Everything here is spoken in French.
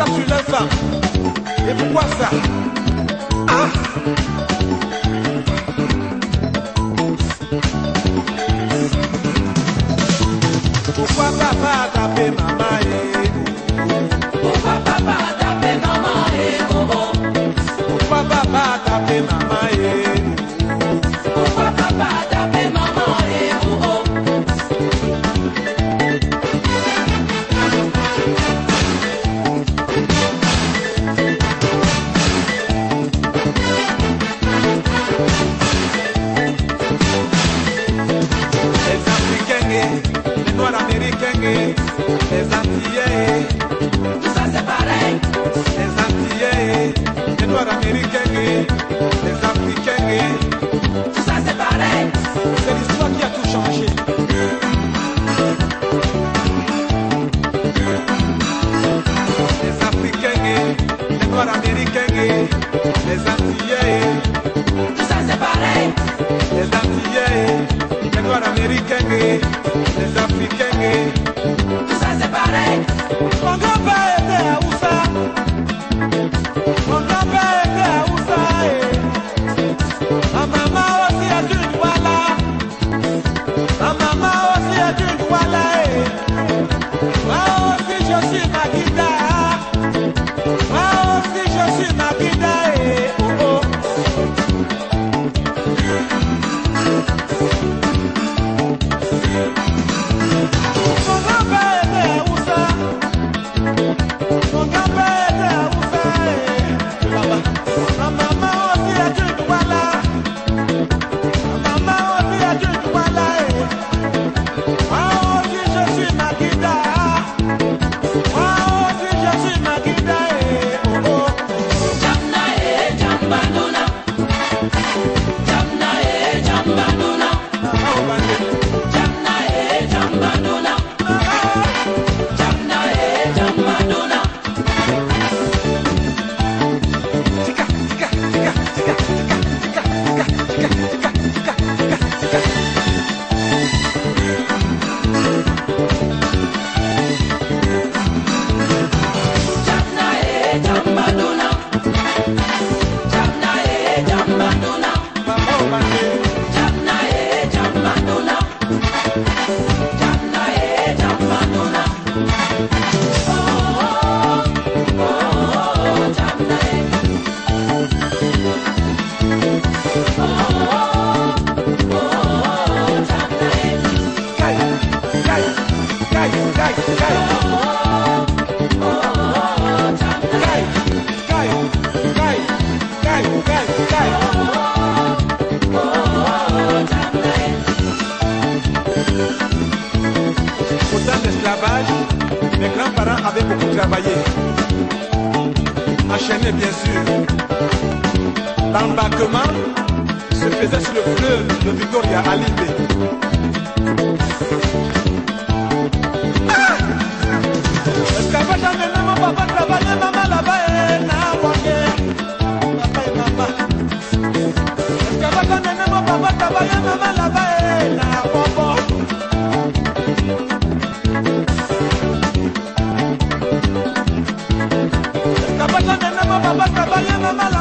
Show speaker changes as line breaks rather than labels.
tape sur les ça? Et pourquoi ça Thank you. les Les wálé. Báwo see, jọ sí No. Hey! mes grands-parents avaient beaucoup travaillé. enchaîné bien sûr. L'embarquement se faisait sur le fleuve de Victoria à Libé. la mañana